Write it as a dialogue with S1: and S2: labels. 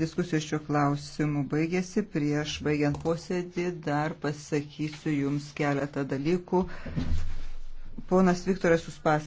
S1: Diskusijos šiuo klausimu baigėsi. Prieš baigiant posėdį dar pasakysiu Jums keletą dalykų. Ponas Viktoras Uspas.